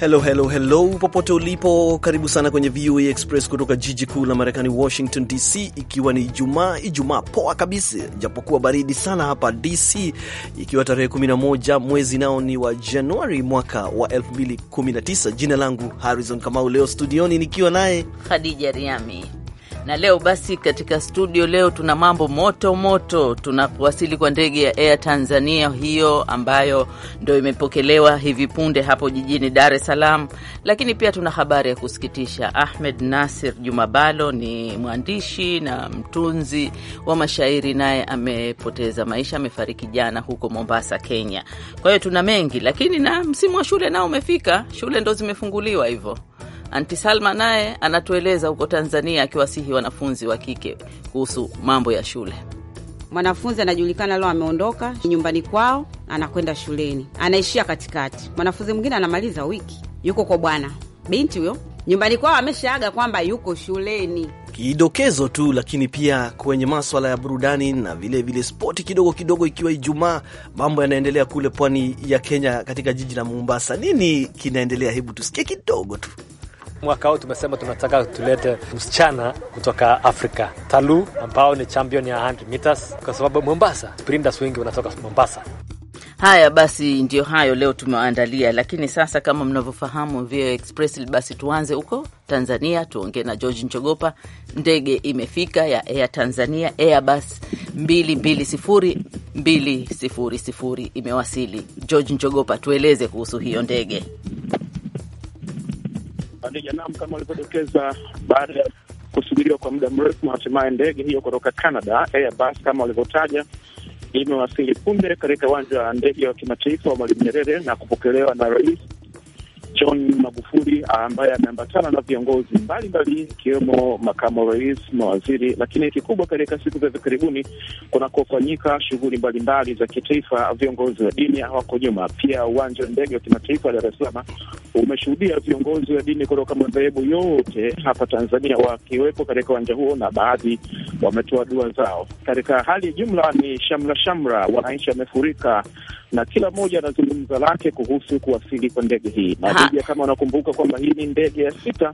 Hello, hello, hello popote ulipo, karibu sana kwenye VOA Express kutoka jiji kuu la Marekani, Washington DC, ikiwa ni Ijumaa. Ijumaa poa kabisa, japokuwa baridi sana hapa DC, ikiwa tarehe 11 mwezi nao ni wa Januari mwaka wa 2019. Jina langu Harrison Kamau, leo studioni nikiwa naye Khadija Riami na leo basi, katika studio leo tuna mambo moto moto. Tunawasili kwa ndege ya Air Tanzania hiyo ambayo ndo imepokelewa hivi punde hapo jijini Dar es Salaam, lakini pia tuna habari ya kusikitisha. Ahmed Nasir Jumabalo ni mwandishi na mtunzi wa mashairi, naye amepoteza maisha, amefariki jana huko Mombasa, Kenya. Kwa hiyo tuna mengi, lakini na msimu wa shule nao umefika, shule ndo zimefunguliwa hivyo Anti Salma naye anatueleza huko Tanzania, akiwasihi wanafunzi wa kike kuhusu mambo ya shule. Mwanafunzi anajulikana leo ameondoka nyumbani kwao, anakwenda shuleni, anaishia katikati. Mwanafunzi mwingine anamaliza wiki, yuko kwa bwana, binti huyo nyumbani kwao ameshaaga kwamba yuko shuleni. Kidokezo tu, lakini pia kwenye maswala ya burudani na vilevile spoti kidogo kidogo, ikiwa Ijumaa mambo yanaendelea kule pwani ya Kenya, katika jiji la Mombasa. Nini kinaendelea? Hebu tusikie kidogo tu. Mwaka huu tumesema tunataka tulete msichana kutoka Afrika, Talu ambao ni champion ya 100 meters, kwa sababu Mombasa sprinters wengi wanatoka Mombasa. Haya basi, ndio hayo leo tumewaandalia, lakini sasa, kama mnavyofahamu VOA Express, basi tuanze huko Tanzania, tuongee na George Nchogopa. Ndege imefika ya Air Tanzania Airbus 220 200 imewasili. George Njogopa, tueleze kuhusu hiyo ndege. Khadija, naam, kama walivyodokeza, baada ya kusubiriwa kwa muda mrefu na hatimaye ndege hiyo kutoka Canada Airbus kama walivyotaja imewasili punde katika uwanja wa ndege wa kimataifa wa Mwalimu Nyerere na kupokelewa na Rais John Magufuli ambaye ameambatana na viongozi mbalimbali ikiwemo makamu rais, mawaziri. Lakini kikubwa katika siku za hivi karibuni kunakofanyika shughuli mbalimbali za kitaifa, viongozi wa dini hawako nyuma. Pia uwanja wa ndege wa kimataifa wa Dar es Salaam umeshuhudia viongozi wa dini kutoka madhehebu yote hapa Tanzania wakiwepo katika uwanja huo, na baadhi wametoa dua zao. Katika hali ya jumla ni shamra shamra, wananchi wamefurika na kila mmoja anazungumza lake kuhusu kuwasili kwa ndege hii moja, kama wanakumbuka kwamba hii ni ndege ya sita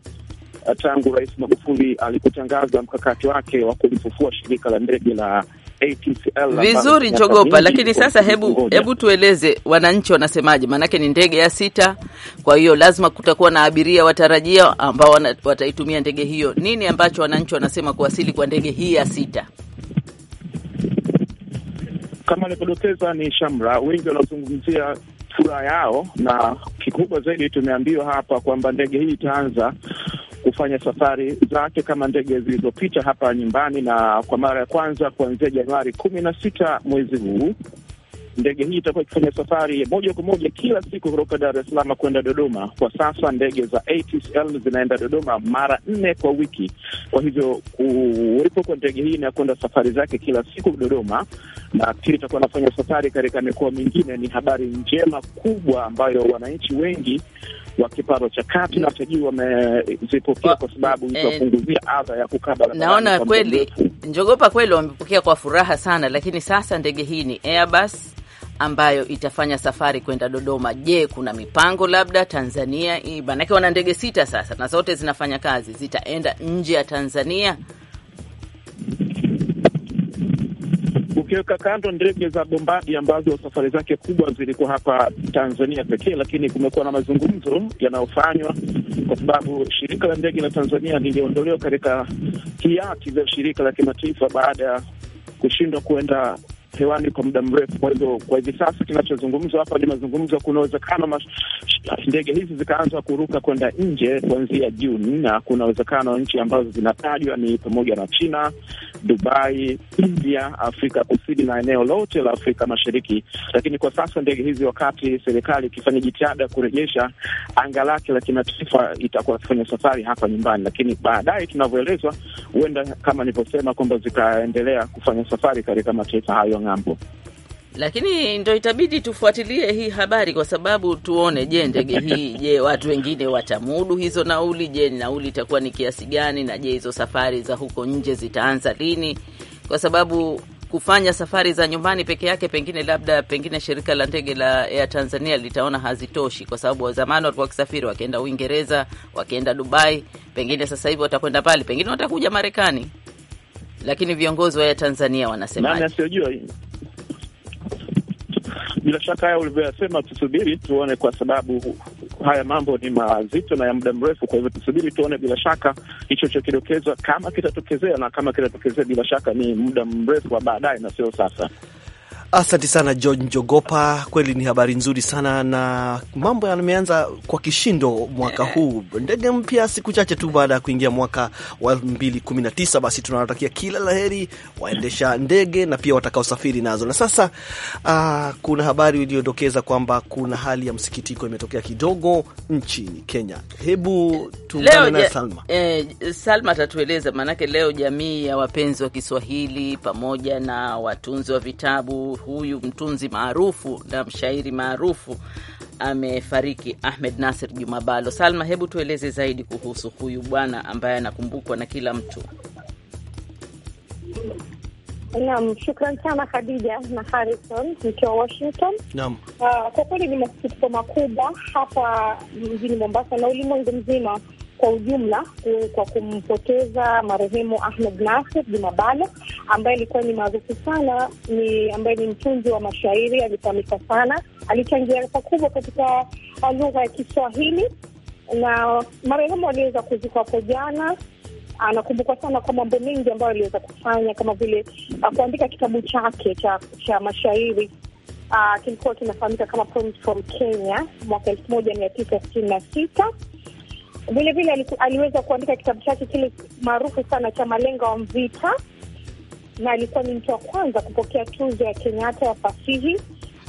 eh, tangu Rais Magufuli alipotangaza mkakati wake wa kulifufua shirika la ndege la ATCL. Vizuri Njogopa, lakini sasa hebu hebu tueleze wananchi wanasemaje, maanake ni ndege ya sita, kwa hiyo lazima kutakuwa na abiria watarajia ambao wataitumia ndege hiyo. Nini ambacho wananchi wanasema kuwasili kwa ndege hii ya sita? Kama alivyodokeza ni Shamra, wengi wanazungumzia furaha yao, na kikubwa zaidi tumeambiwa hapa kwamba ndege hii itaanza kufanya safari zake kama ndege zilizopita hapa nyumbani, na kwa mara ya kwanza kuanzia Januari kumi na sita mwezi huu Ndege hii itakuwa ikifanya safari moja kwa moja kila siku kutoka Dar es Salaam kwenda Dodoma. Kwa sasa ndege za ATCL zinaenda Dodoma mara nne kwa wiki. Kwa hivyo kuwepo kwa ndege hii na safari zake kila siku Dodoma, na pia itakuwa anafanya safari katika mikoa mingine, ni habari njema kubwa ambayo wananchi wengi wa kipato cha kati na cha juu wamezipokea kwa sababu itapunguzia eh, adha ya kukaa barabarani. Naona kweli njogopa, kweli wamepokea kwa furaha sana, lakini sasa ndege hii ni Airbus ambayo itafanya safari kwenda Dodoma. Je, kuna mipango labda Tanzania, maanake wana ndege sita sasa na zote zinafanya kazi, zitaenda nje ya Tanzania ukiweka kando ndege za Bombadi ambazo safari zake kubwa zilikuwa hapa Tanzania pekee, lakini kumekuwa na mazungumzo yanayofanywa kwa sababu shirika la ndege la Tanzania liliondolewa katika hiati za shirika la kimataifa baada ya kushindwa kuenda hewani kwa muda mrefu. Kwa hivyo, kwa hivi sasa kinachozungumzwa hapa ni mazungumzo, kuna uwezekano ndege hizi zikaanza kuruka kwenda nje kuanzia Juni, na kuna uwezekano nchi ambazo zinatajwa ni pamoja na China, Dubai, India, Afrika Kusini na eneo lote la Afrika Mashariki. Lakini kwa sasa ndege hizi, wakati serikali ikifanya jitihada kurejesha anga lake la kimataifa, itakuwa akifanya safari hapa nyumbani, lakini baadaye tunavyoelezwa, huenda kama nilivyosema kwamba zikaendelea kufanya safari katika mataifa hayo ng'ambo lakini ndo itabidi tufuatilie hii habari kwa sababu tuone, je, ndege hii, je, watu wengine watamudu hizo nauli? Je, nauli itakuwa ni kiasi gani? Na je, hizo safari za huko nje zitaanza lini? Kwa sababu kufanya safari za nyumbani peke yake, pengine labda pengine shirika la ndege la Air Tanzania litaona hazitoshi, kwa sababu zamani walikuwa wakisafiri wakienda Uingereza, wakienda Dubai, pengine sasa hivi watakwenda pale, pengine watakuja Marekani. Lakini viongozi wa Air Tanzania wanasemaje? Bila shaka haya ulivyoyasema, tusubiri tuone, kwa sababu haya mambo ni mazito na ya muda mrefu. Kwa hivyo tusubiri tuone, bila shaka hicho chokidokezwa, kama kitatokezea, na kama kitatokezea, bila shaka ni muda mrefu wa baadaye na sio sasa. Asante sana George Njogopa, kweli ni habari nzuri sana, na mambo yameanza kwa kishindo mwaka eh. huu, ndege mpya siku chache tu baada ya kuingia mwaka wa 219 Basi tunawatakia kila laheri waendesha ndege na pia watakaosafiri nazo. Na sasa uh, kuna habari iliyodokeza kwamba kuna hali ya msikitiko imetokea kidogo nchini Kenya. Hebu tuungane na Salma. Eh, Salma atatueleza maanake leo jamii ya wapenzi wa Kiswahili pamoja na watunzi wa vitabu huyu mtunzi maarufu na mshairi maarufu amefariki, Ahmed Nasir Jumabalo. Salma, hebu tueleze zaidi kuhusu huyu bwana ambaye anakumbukwa na kila mtu. Naam, shukran sana Khadija na Harrison mkiwa Washington. Naam, uh, kwa kweli ni masikitiko makubwa hapa mjini Mombasa na ulimwengu mzima kwa ujumla kwa kumpoteza marehemu Ahmed Nasir Jumabalo ambaye alikuwa ni maarufu sana, ni ambaye ni mtunzi wa mashairi, alifahamika sana, alichangia pakubwa katika uh, lugha ya Kiswahili na marehemu aliweza kuzikwa hapo jana. Anakumbukwa sana kwa mambo mengi ambayo aliweza kufanya kama vile uh, kuandika kitabu chake cha, cha mashairi uh, kilikuwa kinafahamika kama Poems from Kenya mwaka elfu moja mia tisa sitini na sita vile vile aliweza kuandika kitabu chake kile maarufu sana cha Malenga wa Mvita, na alikuwa ni mtu wa kwanza kupokea tuzo ya Kenyatta ya fasihi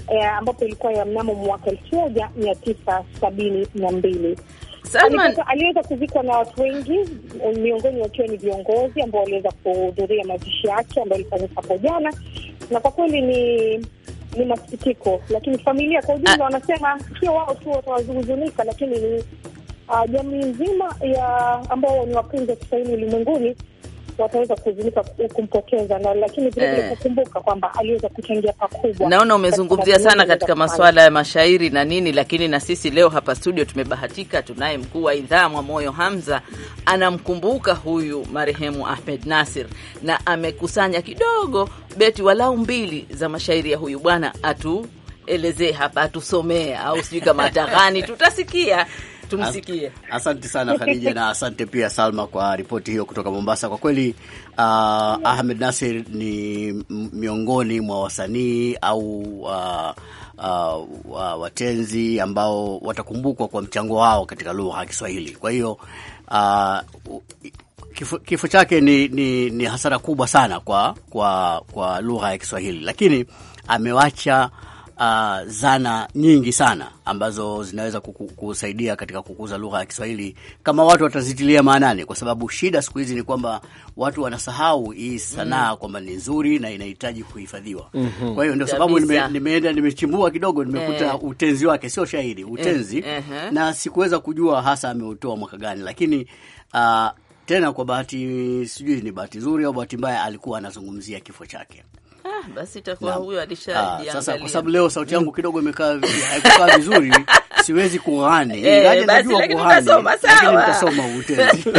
eh, ambapo ilikuwa ya mnamo mwaka elfu moja mia tisa sabini na mbili. Aliweza kuzikwa na watu wengi, miongoni wakiwa ni viongozi ambao waliweza kuhudhuria mazishi yake ambayo ilifanyika hapo jana, na kwa kweli ni ni masikitiko, lakini familia kwa ujumla ah. wanasema sio wao tu watawahuzunika, lakini ni uh, jamii nzima ya ambao ni wapenzi wa Kiswahili ulimwenguni wataweza kulazimika kumpokeza na lakini vile eh, kukumbuka kwamba aliweza kuchangia pakubwa. Naona umezungumzia sana katika masuala ya mashairi na nini, lakini na sisi leo hapa studio tumebahatika, tunaye mkuu wa idhaa Mwamoyo Hamza, anamkumbuka huyu marehemu Ahmed Nasir na amekusanya kidogo beti walau mbili za mashairi ya huyu bwana atuelezee hapa, atusomee au sijui kama atagani tutasikia tumsikie. Asante sana Khadija na asante pia Salma kwa ripoti hiyo kutoka Mombasa. Kwa kweli uh, Ahmed Nasir ni miongoni mwa wasanii au uh, Uh, uh, watenzi ambao watakumbukwa kwa mchango wao katika lugha ya Kiswahili. Kwa hiyo uh, kifo, kifo chake ni, ni, ni hasara kubwa sana kwa, kwa, kwa lugha ya Kiswahili, lakini amewacha uh, zana nyingi sana ambazo zinaweza kuku, kusaidia katika kukuza lugha ya Kiswahili kama watu watazitilia maanani, kwa sababu shida siku hizi ni kwamba watu wanasahau hii sanaa mm. kwamba ni nzuri na inahitaji kuhifadhiwa mm -hmm. Kwa hiyo ndio sababu nime, nimeenda nimechimbua kidogo nimekuta eh. utenzi wake sio shahidi eh, utenzi eh. uh -huh. na sikuweza kujua hasa ameutoa mwaka gani, lakini uh, tena kwa bahati sijui ni bahati nzuri au bahati mbaya, alikuwa anazungumzia kifo chake. Ah, basi itakuwa huyo alishajiangalia. Ah, sasa kwa sababu leo sauti yangu kidogo imekaa haikukaa vizuri, siwezi kuhani eh, Ingaje najua kuhani, Lakini nitasoma utenzi.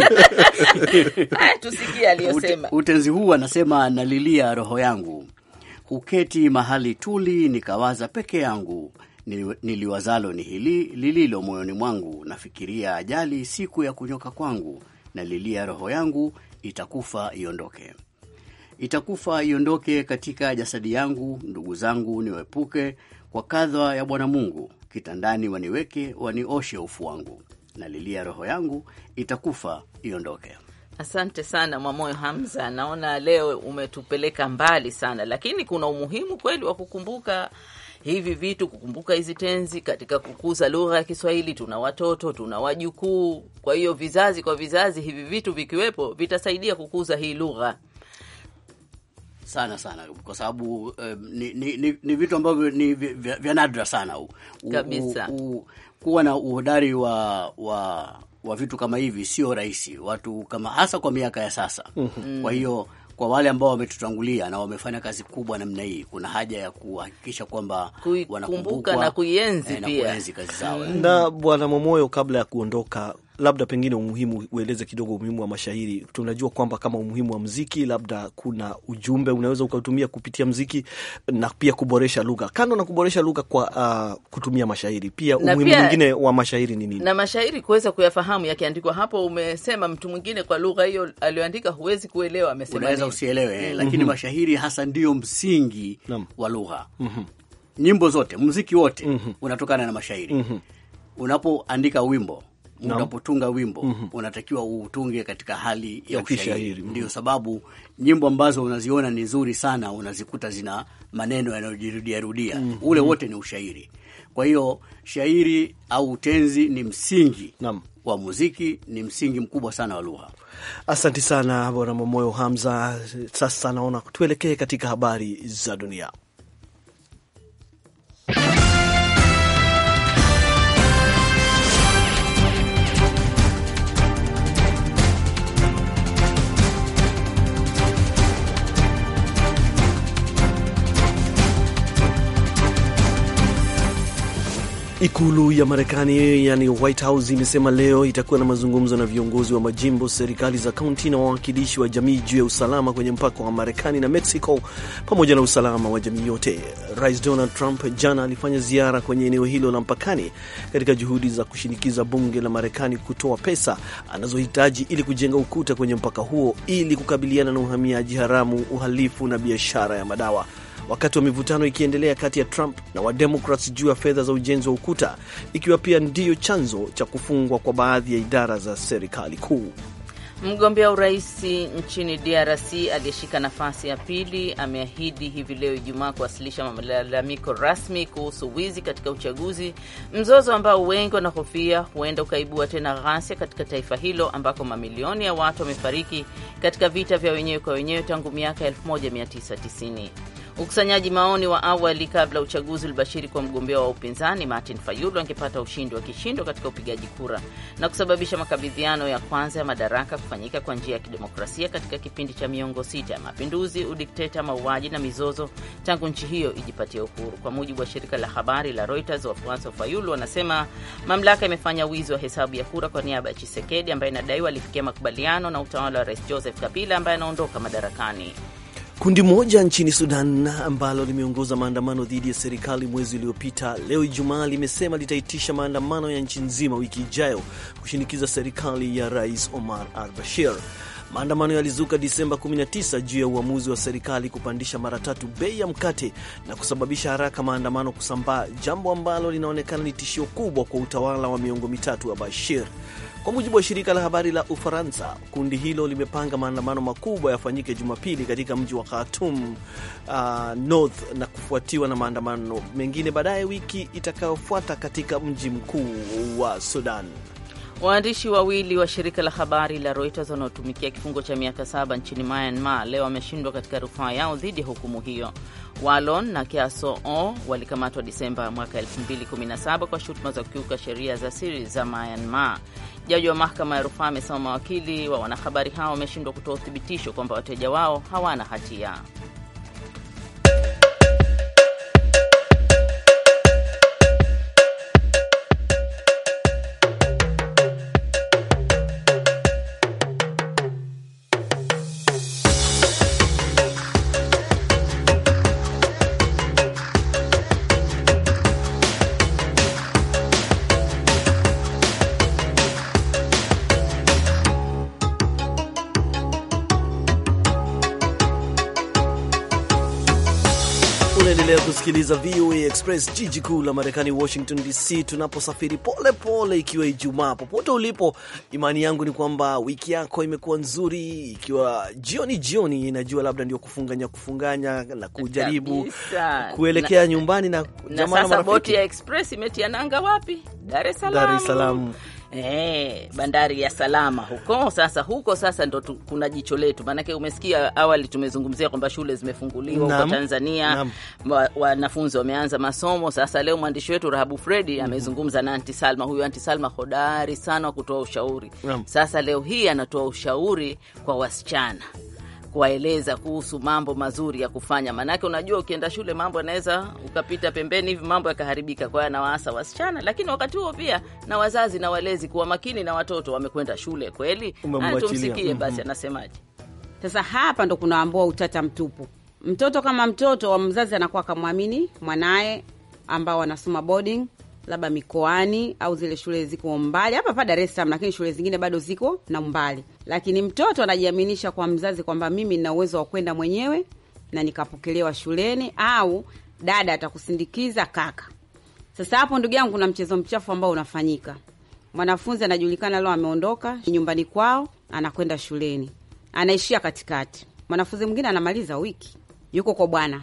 Haya tusikie aliyosema. Utenzi huu anasema nalilia roho yangu. huketi mahali tuli nikawaza peke yangu. Niliwazalo ni hili lililo moyoni mwangu, nafikiria ajali siku ya kunyoka kwangu, nalilia roho yangu itakufa iondoke itakufa iondoke katika jasadi yangu, ndugu zangu niwaepuke kwa kadha ya Bwana Mungu, kitandani waniweke, wanioshe ufu wangu, na lilia roho yangu itakufa iondoke. Asante sana Mwamoyo Hamza, naona leo umetupeleka mbali sana, lakini kuna umuhimu kweli wa kukumbuka hivi vitu, kukumbuka hizi tenzi katika kukuza lugha ya Kiswahili. Tuna watoto, tuna wajukuu, kwa hiyo vizazi kwa vizazi hivi vitu vikiwepo vitasaidia kukuza hii lugha sana sana, kwa sababu um, ni, ni, ni, ni vitu ambavyo ni vya, nadra sana u, kabisa u, u, kuwa na uhodari wa, wa, wa vitu kama hivi sio rahisi, watu kama hasa kwa miaka ya sasa mm -hmm. Kwa hiyo kwa wale ambao wametutangulia na wamefanya kazi kubwa namna hii, kuna haja ya kuhakikisha kwamba wanakumbuka na kuienzi eh, pia na kuenzi kazi zao. Na Bwana Momoyo, kabla ya kuondoka, labda pengine umuhimu, ueleze kidogo umuhimu wa mashairi. Tunajua kwamba kama umuhimu wa mziki, labda kuna ujumbe unaweza ukautumia kupitia mziki na pia kuboresha lugha. Kando na kuboresha lugha kwa uh, kutumia mashairi, pia umuhimu mwingine wa mashairi ni nini? Na mashairi kuweza kuyafahamu yakiandikwa. Hapo umesema mtu mwingine kwa lugha hiyo aliyoandika huwezi kuelewa, amesema unaweza usielewe, eh, mhm. lakini mm -hmm. mashairi hasa ndiyo msingi wa lugha mm -hmm. Nyimbo zote, mziki wote mm -hmm. unatokana na mashairi mm -hmm. unapoandika wimbo unapotunga wimbo mm -hmm. unatakiwa utunge katika hali ya ushairi mm -hmm. Ndio sababu nyimbo ambazo unaziona ni nzuri sana unazikuta zina maneno yanayojirudiarudia mm -hmm. ule mhm. wote ni ushairi. Kwa hiyo shairi au utenzi ni msingi Nam. wa muziki, ni msingi mkubwa sana wa lugha. asante sana Bwana Momoyo Hamza. Sasa naona tuelekee katika habari za dunia Ikulu ya Marekani yani White House imesema leo itakuwa na mazungumzo na viongozi wa majimbo, serikali za kaunti na wawakilishi wa jamii juu ya usalama kwenye mpaka wa Marekani na Mexico, pamoja na usalama wa jamii yote. Rais Donald Trump jana alifanya ziara kwenye eneo hilo la mpakani katika juhudi za kushinikiza bunge la Marekani kutoa pesa anazohitaji ili kujenga ukuta kwenye mpaka huo ili kukabiliana na uhamiaji haramu, uhalifu na biashara ya madawa wakati wa mivutano ikiendelea kati ya Trump na Wademokrats juu ya fedha za ujenzi wa ukuta, ikiwa pia ndiyo chanzo cha kufungwa kwa baadhi ya idara za serikali kuu. Mgombea urais nchini DRC aliyeshika nafasi ya pili ameahidi hivi leo Ijumaa kuwasilisha malalamiko rasmi kuhusu wizi katika uchaguzi, mzozo ambao wengi wanahofia huenda ukaibua tena ghasia katika taifa hilo ambako mamilioni ya watu wamefariki katika vita vya wenyewe kwa wenyewe tangu miaka 1990. Ukusanyaji maoni wa awali kabla uchaguzi ulibashiri kwa mgombea wa upinzani Martin Fayulu angepata ushindi wa kishindo katika upigaji kura na kusababisha makabidhiano ya kwanza ya madaraka kufanyika kwa njia ya kidemokrasia katika kipindi cha miongo sita ya mapinduzi, udikteta, mauaji na mizozo tangu nchi hiyo ijipatie uhuru. Kwa mujibu wa shirika la habari la Reuters, wafuasi wa Fayulu wanasema mamlaka imefanya wizi wa hesabu ya kura kwa niaba ya Chisekedi ambaye inadaiwa alifikia makubaliano na utawala wa Rais Joseph Kabila ambaye anaondoka madarakani. Kundi moja nchini Sudan ambalo limeongoza maandamano dhidi ya serikali mwezi uliopita, leo Ijumaa, limesema litaitisha maandamano ya nchi nzima wiki ijayo kushinikiza serikali ya Rais Omar al Bashir. Maandamano yalizuka Disemba 19 juu ya uamuzi wa serikali kupandisha mara tatu bei ya mkate na kusababisha haraka maandamano kusambaa, jambo ambalo linaonekana ni tishio kubwa kwa utawala wa miongo mitatu wa Bashir. Kwa mujibu wa shirika la habari la Ufaransa, kundi hilo limepanga maandamano makubwa yafanyike Jumapili katika mji wa Khartoum uh, North na kufuatiwa na maandamano mengine baadaye wiki itakayofuata katika mji mkuu wa Sudan. Waandishi wawili wa shirika la habari la Reuters wanaotumikia kifungo cha miaka saba nchini Myanmar leo wameshindwa katika rufaa yao dhidi ya hukumu hiyo. Walon na Kiaso O walikamatwa Disemba mwaka 2017 kwa shutuma za kukiuka sheria za siri za Myanmar. Jaji wa mahakama ya rufaa amesema mawakili wa wanahabari hao wameshindwa kutoa uthibitisho kwamba wateja wao hawana hatia. unasikiliza VOA Express, jiji kuu la Marekani, Washington DC, tunaposafiri pole pole, ikiwa Ijumaa. Popote ulipo, imani yangu ni kwamba wiki yako imekuwa nzuri, ikiwa jioni jioni, najua labda ndio kufunganya kufunganya na kujaribu kuelekea na, nyumbani na, na sasa boti ya Express imetia nanga wapi? Dar es Salaam eh, bandari ya Salama huko. Sasa huko sasa ndo kuna jicho letu, maanake umesikia awali tumezungumzia kwamba shule zimefunguliwa huko Tanzania, wanafunzi wa wameanza masomo. Sasa leo mwandishi wetu Rahabu Fredi mhm. amezungumza na Anti Salma. Huyu Anti Salma hodari sana wa kutoa ushauri. Naam. Sasa leo hii anatoa ushauri kwa wasichana kuwaeleza kuhusu mambo mazuri ya kufanya, maanake unajua ukienda shule mambo yanaweza ukapita pembeni hivi, mambo yakaharibika. Kwa hiyo anawaasa wasichana, lakini wakati huo pia na wazazi na walezi kuwa makini na watoto, wamekwenda shule kweli. Tumsikie mm-hmm. basi anasemaje. Sasa hapa ndo kunaambua utata mtupu. Mtoto kama mtoto wa mzazi anakuwa kamwamini mwanaye ambao anasoma boarding labda mikoani au zile shule ziko mbali hapa pa Dar es Salaam, lakini shule zingine bado ziko na umbali, lakini mtoto anajiaminisha kwa mzazi kwamba mimi nina uwezo wa kwenda mwenyewe na nikapokelewa shuleni, au dada atakusindikiza kaka. Sasa hapo, ndugu yangu, kuna mchezo mchafu ambao unafanyika. Mwanafunzi anajulikana leo ameondoka nyumbani kwao, anakwenda shuleni, anaishia katikati. Mwanafunzi mwingine anamaliza wiki, yuko kwa bwana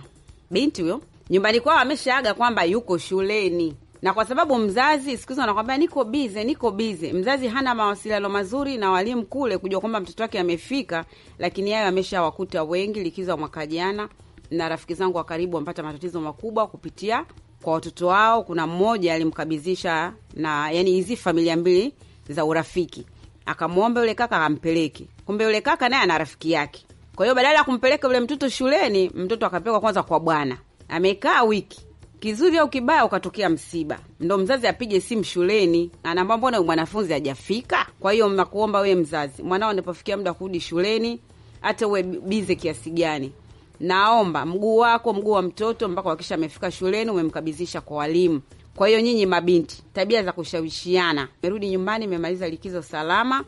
binti huyo nyumbani kwao, ameshaaga kwamba yuko shuleni na kwa sababu mzazi siku hizi wanakwambia niko bize, niko bize, mzazi hana mawasiliano mazuri na walimu kule kujua kwamba mtoto wake amefika, lakini yayo ameshawakuta wengi. Likizo ya mwaka jana na rafiki zangu wa karibu wamepata matatizo makubwa kupitia kwa watoto wao. Kuna mmoja alimkabidhisha na yani hizi familia mbili za urafiki, akamwomba yule kaka ampeleke, kumbe yule kaka naye ana rafiki yake. Kwa hiyo badala ya kumpeleka yule mtoto shuleni, mtoto akapelekwa kwanza kwa bwana, amekaa wiki kizuri au kibaya, ukatokea msiba, ndo mzazi apige simu shuleni, anaambia mbona mwanafunzi hajafika? Kwa hiyo nakuomba wewe mzazi, mwanao anapofikia muda kurudi shuleni, hata uwe bize kiasi gani, naomba mguu wako, mguu wa mtoto, mpaka akisha amefika shuleni, umemkabidhisha kwa walimu. Kwa hiyo nyinyi mabinti, tabia za kushawishiana. Merudi nyumbani, memaliza likizo salama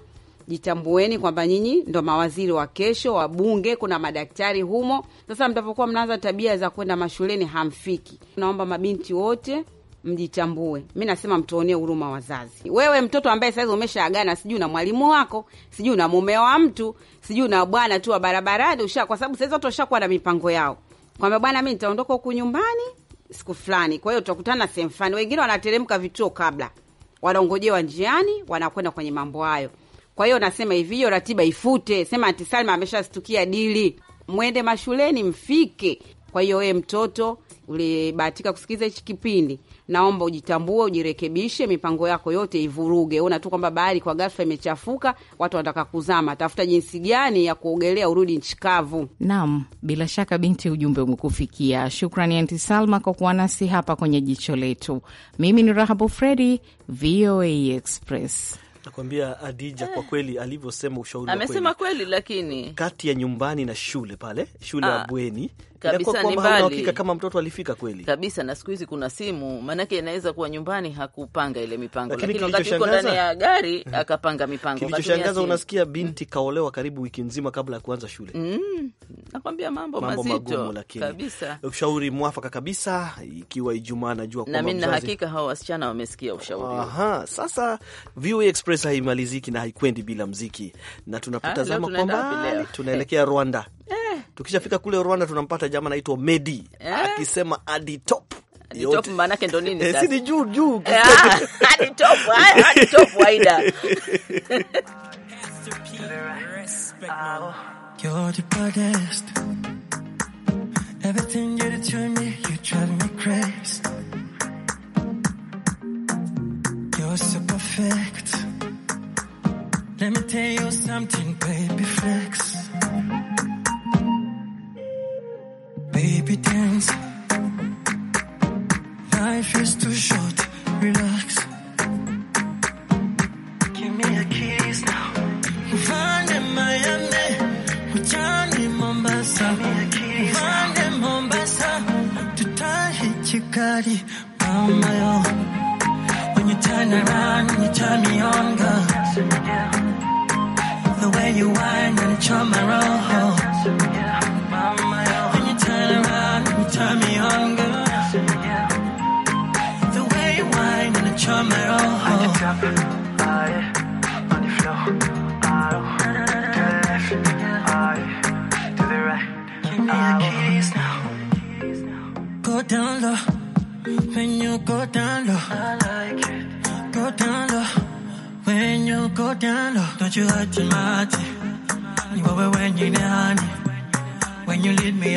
jitambueni kwamba nyinyi ndo mawaziri wa kesho, wabunge, kuna madaktari humo. Sasa mtapokuwa mnaanza tabia za kwenda mashuleni hamfiki. Naomba mabinti wote mjitambue. Mi nasema mtuonee huruma wazazi. Wewe mtoto ambaye saizi umeshaagana, sijui na mwalimu wako, sijui na mume wa mtu, sijui na bwana tu wa barabarani, usha kwa sababu saizi watu washakuwa na mipango yao kwamba bwana, mi nitaondoka huku nyumbani siku fulani, kwa hiyo tutakutana sehemu fulani. Wengine wanateremka vituo kabla, wanaongojewa njiani, wanakwenda kwenye mambo hayo. Kwa hiyo nasema hivi, hiyo ratiba ifute, sema ati Salma ameshastukia dili, mwende mashuleni mfike. Kwa hiyo wewe mtoto ulibahatika kusikiliza hichi kipindi, naomba ujitambue, ujirekebishe, mipango yako yote ivuruge. Ona tu kwamba bahari kwa ghafla imechafuka, watu wanataka kuzama, tafuta jinsi gani ya kuogelea urudi nchi kavu. Naam, bila shaka binti, ujumbe umekufikia. Shukrani Anti Salma kwa kuwa nasi hapa kwenye Jicho Letu. Mimi ni Rahabu Fredi, VOA Express. Nakwambia Adija, kwa eh. kweli alivyosema ushauri amesema kweli, lakini kati ya nyumbani na shule pale shule ya ah. bweni kabisa, ni mbali kama mtoto alifika kweli kabisa. Na siku hizi kuna simu, maanake inaweza kuwa nyumbani hakupanga ile mipango, lakini wakati yuko ndani ya gari hmm. akapanga mipango. Kilichoshangaza, unasikia hmm. binti kaolewa karibu wiki nzima kabla ya kuanza shule. Mm, nakwambia mambo, mambo mazito kabisa. Ushauri mwafaka kabisa, ikiwa Ijumaa najua na mimi na hakika hawa wasichana wamesikia ushauri. Aha, sasa VOA Express haimaliziki na haikwendi bila mziki, na tunapotazama ah, kwamba tunaelekea Rwanda eh. Tukishafika kule Rwanda tunampata jamaa anaitwa Medi yeah. akisema adi top maanake ndo nini eh, sasa? Ni juu juu hadi ah, top, hadi ah, top waida Let me tell you something, baby, flex. relax. Give me a kiss now. Find in Miami, Uchani Mombasa. Find in Mombasa, Tutahi Chikari, Mama When you turn around, you turn me on, girl. The way you whine and chum my roll. 처음으로 To the the Go down low When you go down low I like it Go down low When you go down low Don't you hurt your You when you When you me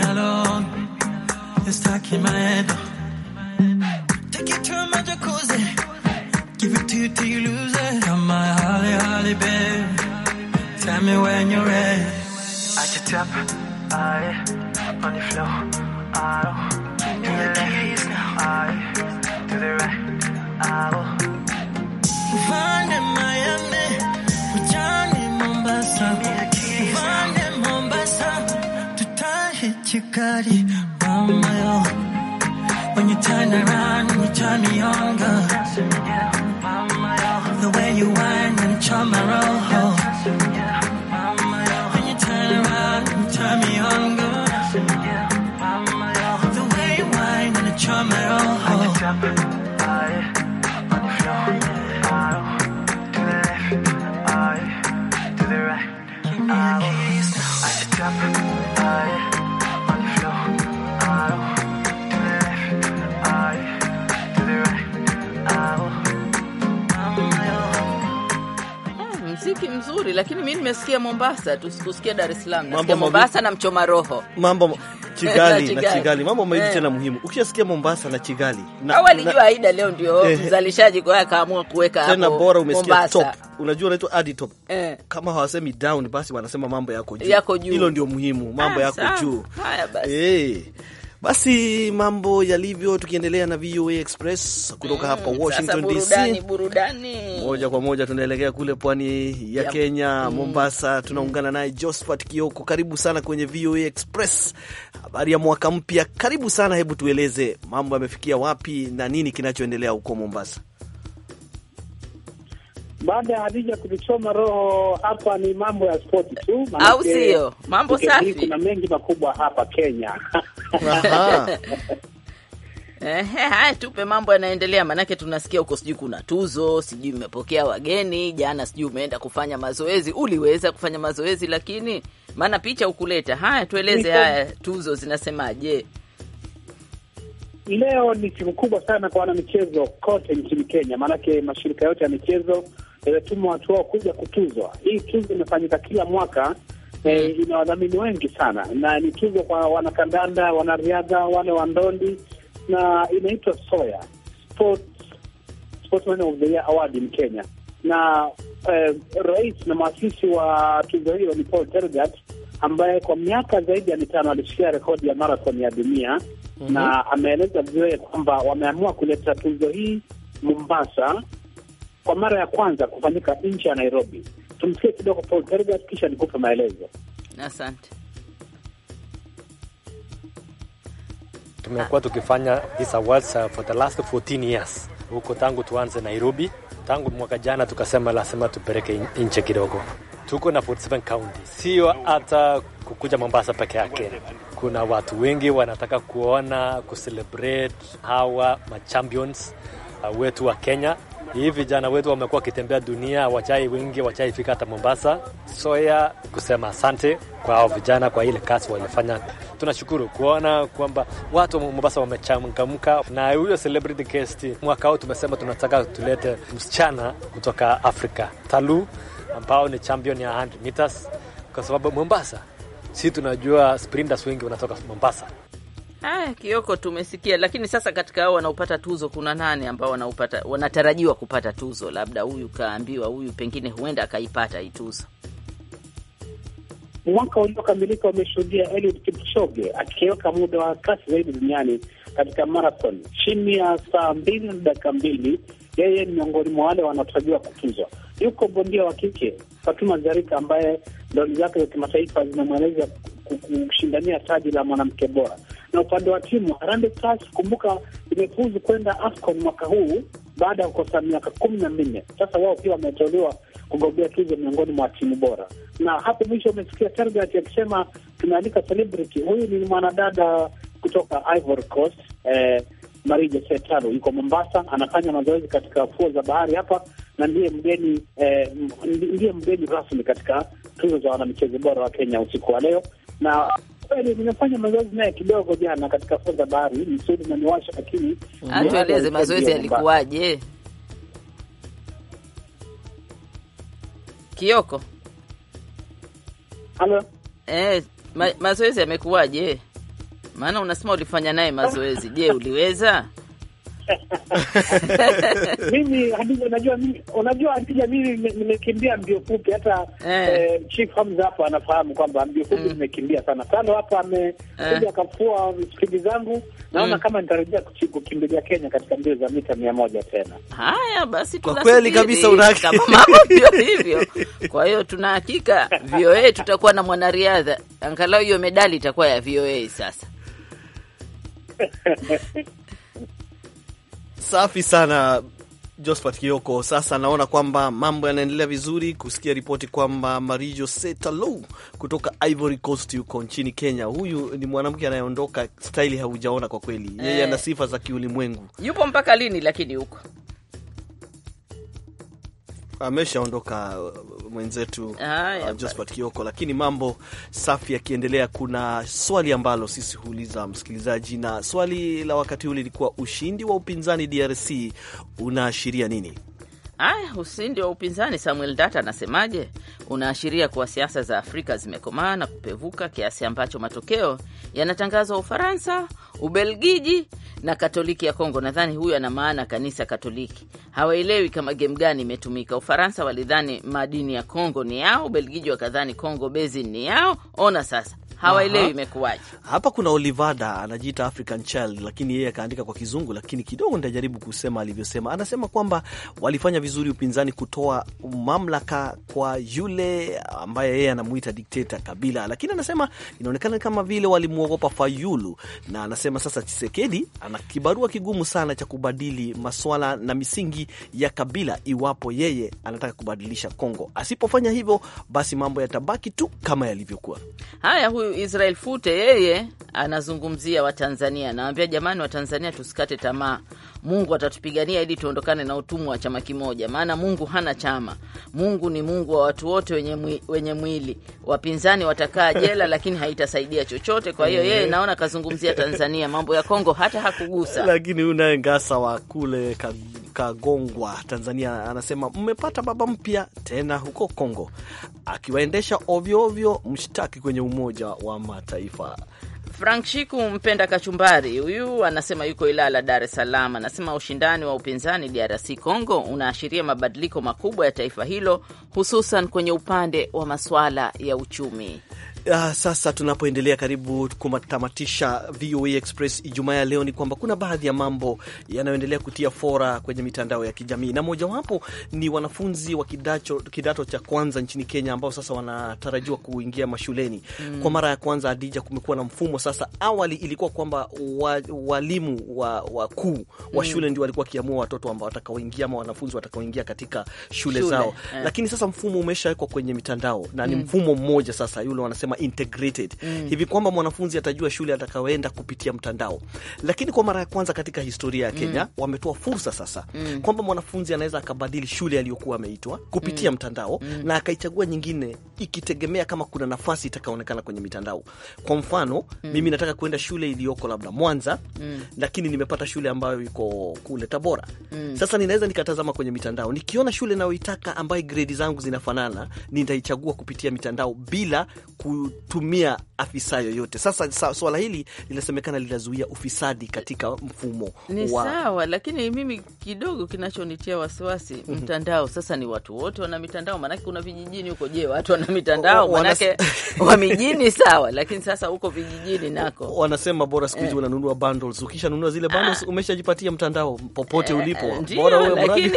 in my head Take to my jacuzzi till you lose it. Got my holly, holly, babe. Tell me when you're ready. At your top, I on the floor, I do To the left, I to the right, I will. Find in Miami, Johnny Mombasa. Find in Mombasa, to tie hit your cutty, When you turn around, you turn me on, girl you whine and try my roll hole. When you turn around and turn me on, girl. The way you whine and try my roll hole. vizuri, lakini mi nimesikia Mombasa tu, sikusikia Dar es Salaam. Nasikia Mombasa na mchoma roho mambo Chigali na Chigali, mambo mawili eh. tena muhimu. Ukishasikia Mombasa na Chigali na, awalijua na... Aida leo ndio eh. mzalishaji kwa akaamua kuweka hapo tena, bora umesikia top, unajua unaitwa hadi top eh. Kama hawasemi down, basi wanasema mambo yako juu, yako juu. Hilo ndio muhimu, mambo ah, yako juu. Haya basi eh. Basi mambo yalivyo, tukiendelea na VOA Express kutoka mm, hapa Washington DC, moja kwa moja tunaelekea kule pwani ya yep, Kenya, mm. Mombasa. Tunaungana naye Josphat Kioko, karibu sana kwenye VOA Express. Habari ya mwaka mpya, karibu sana. Hebu tueleze mambo yamefikia wapi na nini kinachoendelea huko Mombasa? Baada ya Hadija kutuchoma roho hapa, ni mambo ya spoti tu, au sio? Mambo safi, kuna mengi makubwa hapa Kenya. Ehe, haya tupe mambo yanaendelea, maanake tunasikia huko, sijui kuna tuzo, sijui mmepokea wageni jana, sijui umeenda kufanya mazoezi. Uliweza kufanya mazoezi? Lakini maana picha ukuleta. Haya, tueleze haya tuzo zinasemaje? Leo ni siku kubwa sana kwa wanamichezo kote nchini Kenya, maanake mashirika yote ya michezo imetuma eh, watu wao kuja kutuzwa. Hii tuzo imefanyika kila mwaka e, ina wadhamini wengi sana, na ni tuzo kwa wanakandanda, wanariadha, wale wa ndondi, na inaitwa Soya Sport, Sportsman of the Year Award in Kenya na eh, rais na mwasisi wa tuzo hiyo ni Paul Tergat ambaye kwa miaka zaidi ya mitano alishikia rekodi ya marathon ya dunia mm -hmm. Na ameeleza vizuri kwamba wameamua kuleta tuzo hii Mombasa kwa mara ya kwanza kufanyika nchi ya Nairobi. Tumsikie kidogo Paul Tergat, kisha nikupe maelezo. Asante. Tumekuwa tukifanya this awards uh, for the last 14 years huko tangu tuanze Nairobi. Tangu mwaka jana tukasema lazima tupeleke nje kidogo. Tuko na 47 county, sio hata kukuja Mombasa peke yake. Kuna watu wengi wanataka kuona kucelebrate hawa machampions uh, wetu wa Kenya hii vijana wetu wamekuwa wakitembea dunia, wachai wengi, wachai fika hata Mombasa. Soya kusema asante kwa hao vijana kwa ile kazi walifanya. Tunashukuru kuona kwamba watu wa Mombasa wamechangamka, na huyo celebrity guest mwaka huu tumesema tunataka tulete msichana kutoka Afrika, Talu ambao ni champion ya 100 meters, kwa sababu Mombasa, si tunajua sprinters wengi wanatoka Mombasa. Ah, Kioko, tumesikia. Lakini sasa katika hao wanaopata tuzo kuna nani ambao wanaopata wanatarajiwa kupata tuzo? Labda huyu kaambiwa, huyu pengine huenda akaipata hii tuzo. Mwaka uliokamilika umeshuhudia Eliud Kipchoge akiweka muda wa kasi zaidi duniani katika marathon chini ya saa mbili na dakika mbili. Yeye ni miongoni mwa wale wanaotarajiwa kutuzwa. Yuko bondia wa kike Fatuma Zarika ambaye ndoni zake za kimataifa zinamweleza kushindania taji la mwanamke bora. Na upande wa timu Harambee Stars, kumbuka imefuzu kwenda AFCON mwaka huu baada ya kukosa miaka kumi na minne. Sasa wao pia wameteuliwa kugombea tuzo miongoni mwa timu bora. Na hapo mwisho umesikia Tergat akisema tumeandika celebrity. Huyu ni mwanadada kutoka Ivory Coast eh, Marija Setaro yuko Mombasa, anafanya mazoezi katika fuo za bahari hapa, na ndiye mgeni eh, ndiye mgeni rasmi katika tuzo za wanamichezo bora wa Kenya usiku wa leo na kweli nimefanya mazoezi naye kidogo jana katika fuo bahari misuli naniwasha, lakini mm. atueleze ah, mazoezi yalikuwaje? Kioko, halo eh, ma mazoezi yamekuwaje? Maana unasema ulifanya naye mazoezi, je, uliweza? mimi Hadija, unajua mimi, unajua Hadija, mimi nimekimbia mbio fupi. Hata eh. eh, Chief Hamza hapa anafahamu kwamba mbio fupi nimekimbia eh. sana sana hapa amekuja eh. akafua spidi zangu, naona kama nitarejea kukimbilia Kenya katika mbio za mita mia moja tena. Haya basi, kwa kweli kabisa una kama mambo ndio hivyo. Kwa hiyo tuna hakika VOA e tutakuwa na mwanariadha angalau, hiyo medali itakuwa ya VOA e sasa Safi sana Josphat Kioko. Sasa naona kwamba mambo yanaendelea vizuri, kusikia ripoti kwamba Marijo Setalo kutoka Ivory Coast yuko nchini Kenya. Huyu ni mwanamke anayeondoka staili haujaona kwa kweli, yeye eh. ana sifa za kiulimwengu. Yupo mpaka lini? Lakini huko ameshaondoka uh, mwenzetu ah, uh, Kioko, lakini mambo safi yakiendelea, kuna swali ambalo sisi huuliza msikilizaji, na swali la wakati huu lilikuwa ushindi wa upinzani DRC unaashiria nini? Aya, ushindi wa upinzani Samuel Data anasemaje? Unaashiria kuwa siasa za Afrika zimekomaa na kupevuka kiasi ambacho matokeo yanatangazwa Ufaransa, Ubelgiji na Katoliki ya Kongo. Nadhani huyu ana maana kanisa Katoliki. Hawaelewi kama gemu gani imetumika. Ufaransa walidhani madini ya Kongo ni yao, Ubelgiji wakadhani Kongo Basin ni yao. Ona sasa hawaelewi imekuwaje. Hapa kuna Olivada anajiita African Child, lakini yeye akaandika kwa Kizungu, lakini kidogo nitajaribu kusema alivyosema. Anasema kwamba walifanya vizuri upinzani kutoa mamlaka kwa yule ambaye yeye anamuita dikteta Kabila, lakini anasema inaonekana kama vile walimwogopa Fayulu, na anasema sasa Chisekedi ana kibarua kigumu sana cha kubadili maswala na misingi ya Kabila iwapo yeye anataka kubadilisha Kongo. Asipofanya hivyo, basi mambo yatabaki tu kama yalivyokuwa. Haya, huyu Israel Fute yeye anazungumzia Watanzania, nawambia jamani, Watanzania tusikate tamaa, Mungu atatupigania ili tuondokane na utumwa wa chama kimoja, maana Mungu hana chama. Mungu ni Mungu wa watu wote wenye, wenye mwili. Wapinzani watakaa jela, lakini haitasaidia chochote. Kwa hiyo yeye eh. naona kazungumzia Tanzania, mambo ya Kongo hata hakugusa. Lakini naye ngasa wa kule Kaguru Gongwa, Tanzania, anasema mmepata baba mpya tena huko Kongo, akiwaendesha ovyoovyo, mshtaki kwenye Umoja wa Mataifa. Frank Shiku mpenda kachumbari huyu anasema yuko Ilala, Dar es Salaam. Anasema ushindani wa upinzani DRC Congo unaashiria mabadiliko makubwa ya taifa hilo, hususan kwenye upande wa masuala ya uchumi. Uh, sasa tunapoendelea karibu kumatamatisha VOA Express Ijumaa ya leo, ni kwamba kuna baadhi ya mambo yanayoendelea kutia fora kwenye mitandao ya kijamii, na mojawapo ni wanafunzi wa kidacho, kidato cha kwanza nchini Kenya ambao sasa wanatarajiwa kuingia mashuleni mm. Kwa mara ya kwanza, Adija, kumekuwa na mfumo sasa. Awali ilikuwa kwamba wa, walimu wakuu wa, wa mm. shule ndio walikuwa wakiamua watoto ambao watakaoingia ama wanafunzi watakaoingia katika shule, shule zao eh. Lakini sasa mfumo umeshawekwa kwenye mitandao na ni mm. mfumo mmoja sasa, yule wanasema kama integrated mm. hivi kwamba mwanafunzi atajua shule atakayoenda kupitia mtandao. Lakini kwa mara ya kwanza katika historia ya Kenya mm. wametoa fursa sasa mm. kwamba mwanafunzi anaweza akabadili shule aliyokuwa ameitwa kupitia mm. mtandao mm. na akaichagua nyingine, ikitegemea kama kuna nafasi itakaonekana kwenye mitandao. Kwa mfano mm. mimi nataka kuenda shule iliyoko labda Mwanza mm. lakini nimepata shule ambayo iko kule Tabora mm. Sasa ninaweza nikatazama kwenye mitandao, nikiona shule nayoitaka ambayo gredi zangu zinafanana, nitaichagua kupitia mitandao bila ku kumtumia afisa yoyote. Sasa swala hili linasemekana linazuia ufisadi katika mfumo ni wa... Sawa, lakini mimi kidogo kinachonitia wasiwasi mm -hmm. Mtandao sasa, ni watu wote wana mitandao? Maanake kuna vijijini huko. Je, watu wana mitandao? Maanake wa mijini sawa, lakini sasa huko vijijini nako wanasema bora siku hizi eh, unanunua bundles. Ukishanunua zile bundles, ah. umeshajipatia mtandao popote eh, ulipo, bora uwe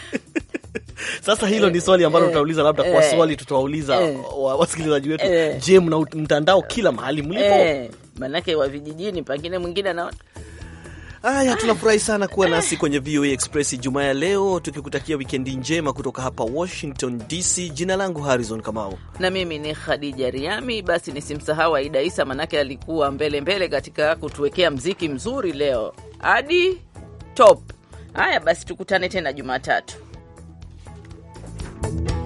Sasa hilo ni swali ambalo eh, tutauliza, labda kwa eh, swali tutawauliza eh. wasikilizaji wetu. Je, mna mtandao kila mahali mlipo? Manake wa vijijini pengine mwingine anaona Haya, tunafurahi sana kuwa nasi kwenye VOA e Express Ijumaa ya leo, tukikutakia wikendi njema kutoka hapa Washington DC. Jina langu Harrison Kamau na mimi ni Khadija Riami. Basi nisimsahau Aida Isa, manake alikuwa mbele mbele katika kutuwekea mziki mzuri leo hadi top. Haya basi, tukutane tena Jumatatu. Bye.